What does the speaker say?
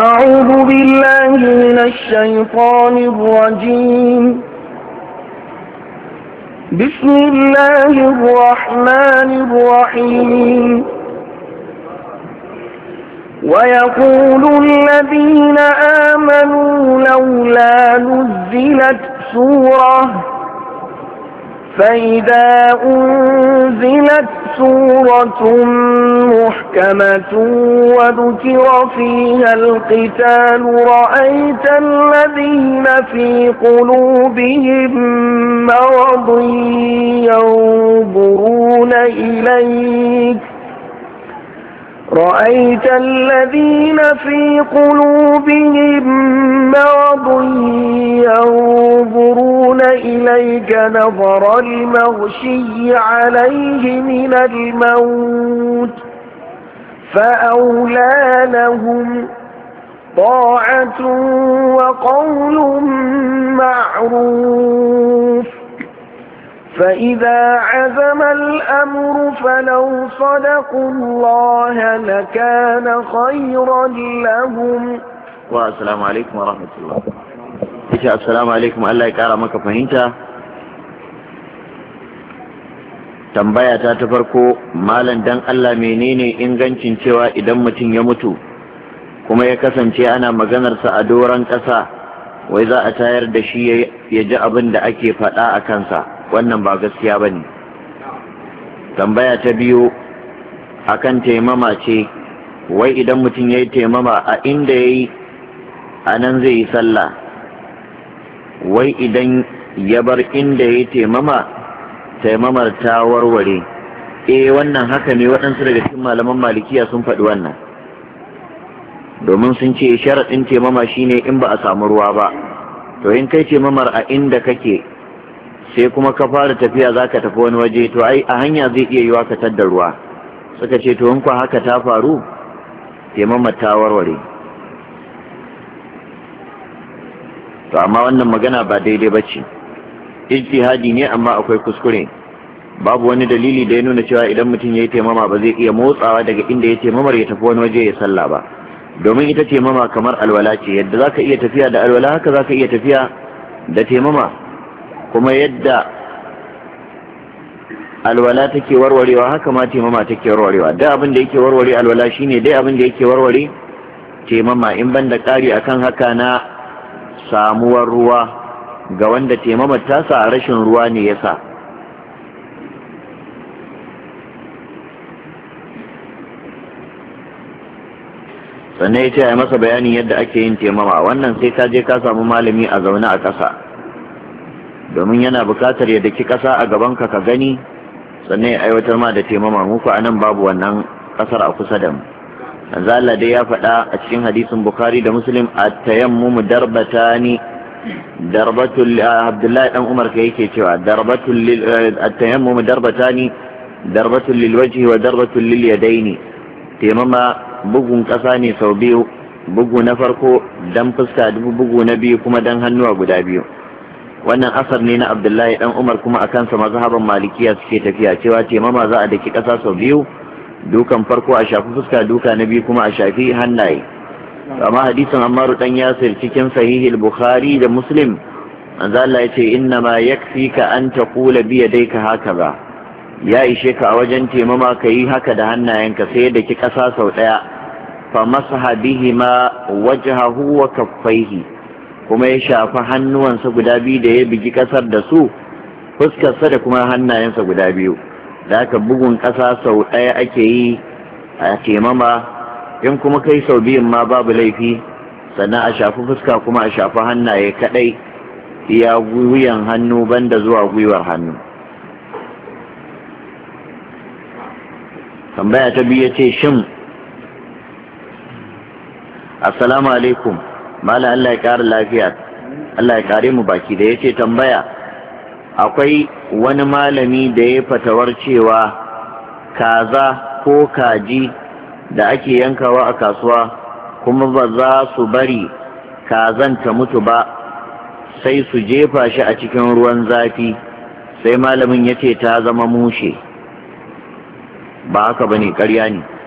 أعوذ بالله من الشيطان الرجيم بسم الله الرحمن الرحيم ويقول الذين آمنوا لولا نزلت سورة فإذا أنزلت سورة محكمة وذكر فيها القتال رأيت الذين في قلوبهم مرض ينظرون إليك رأيت الذين في قلوبهم مرض ينظرون إليك نظر المغشي عليه من الموت فأولى لهم طاعة وقول معروف فإذا عزم الأمر فلو صدقوا الله لكان خيرا لهم والسلام عليكم ورحمة الله السلام عليكم الله يكرمك فهمت tambaya ta ta farko malam dan Allah menene ingancin cewa idan mutum ya mutu kuma ya kasance ana maganarsa a doron ƙasa wai za a tayar da shi ya ji abin da ake faɗa a kansa wannan ba gaskiya ba ne tambaya ta biyu akan taimama ce wai idan mutum ya yi taimama a inda ya yi a nan zai yi sallah wai idan ya bar inda ya yi taimama taimamar ta warware eh wannan haka ne waɗansu daga cikin malaman malikiya sun faɗi wannan domin sun ce sharaɗin taimama shine in ba a samu ruwa ba to in kai taimamar a inda kake sai kuma ka fara tafiya za ka tafi wani waje to ai a hanya zai iya yiwa ka tadda ruwa suka ce to in kwa haka ta faru taimamar ta warware to amma wannan magana ba daidai ba ce ijtihadi ne amma akwai kuskure babu wani dalili da ya nuna cewa idan mutum ya yi taimama ba zai iya motsawa daga inda ya taimamar ya tafi wani waje ya sallah ba domin ita taimama kamar alwala ce yadda za ka iya tafiya da alwala haka za ka iya tafiya da taimama kuma yadda alwala take warwarewa haka ma taimama take warwarewa da abin da yake warware alwala shine dai abin da yake warware taimama in ban da ƙari akan haka na samuwar ruwa ga wanda taimamar tasa a rashin ruwa ne ya sa sannan ya ce a masa bayanin yadda ake yin taimama wannan sai ka je ka samu malami a zaune a ƙasa domin yana bukatar ya daki ƙasa a gabanka ka gani sannan ya aiwatar ma da taimama muku a nan babu wannan ƙasar a kusa da mu dai ya faɗa a cikin hadisin Bukhari da Muslim mu tayammumu ni. darbatul eh, abdullahi dan umar kai yake cewa darbatul lil eh, at-tayammum darbatani darbatul lil wajhi wa darbatul lil yadaini taimama bugun kasa ne sau biyu bugu na farko dan fuska dubu bugu na biyu kuma dan hannuwa guda biyu wannan asar ne na abdullahi dan umar kuma a kansa mazhaban malikiya suke tafiya cewa taimama za a daki kasa sau biyu dukan farko a shafi fuska duka na biyu kuma a shafi hannaye amma hadisin Ammaru dan Yasir cikin sahihil Bukhari da Muslim manzo Allah yace inna ma kula an taqula bi yadayka hakaza ya ishe ka a wajen taimama ka yi haka da hannayenka sai da ki kasa sau daya fa masaha bihima wajhahu wa kaffaihi kuma ya shafa hannuwansa guda biyu da ya bigi kasar da su fuskarsa da kuma hannayensa guda biyu da aka bugun kasa sau daya ake yi a taimama in kuma kai sau biyun ma babu laifi sannan a shafi fuska kuma a shafi hannaye kadai Ya wuyan hannu banda zuwa gwiwar hannu tambaya ta biyu ce shin assalamu alaikum mala Allah ya kara lafiya Allah ya kare mu baki da yace tambaya akwai wani malami da ya fatawar cewa kaza ko kaji da ake yankawa a kasuwa kuma ba za su bari kazan ta mutu ba sai su jefa shi a cikin ruwan zafi sai malamin ya ce ta zama mushe ba haka ba ne ƙarya ne